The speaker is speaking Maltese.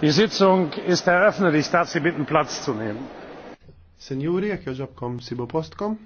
Die Sitzung ist eröffnet. Ich darf Sie bitten, Platz zu nehmen. Signori, a chi ho jekk si sibu postcom?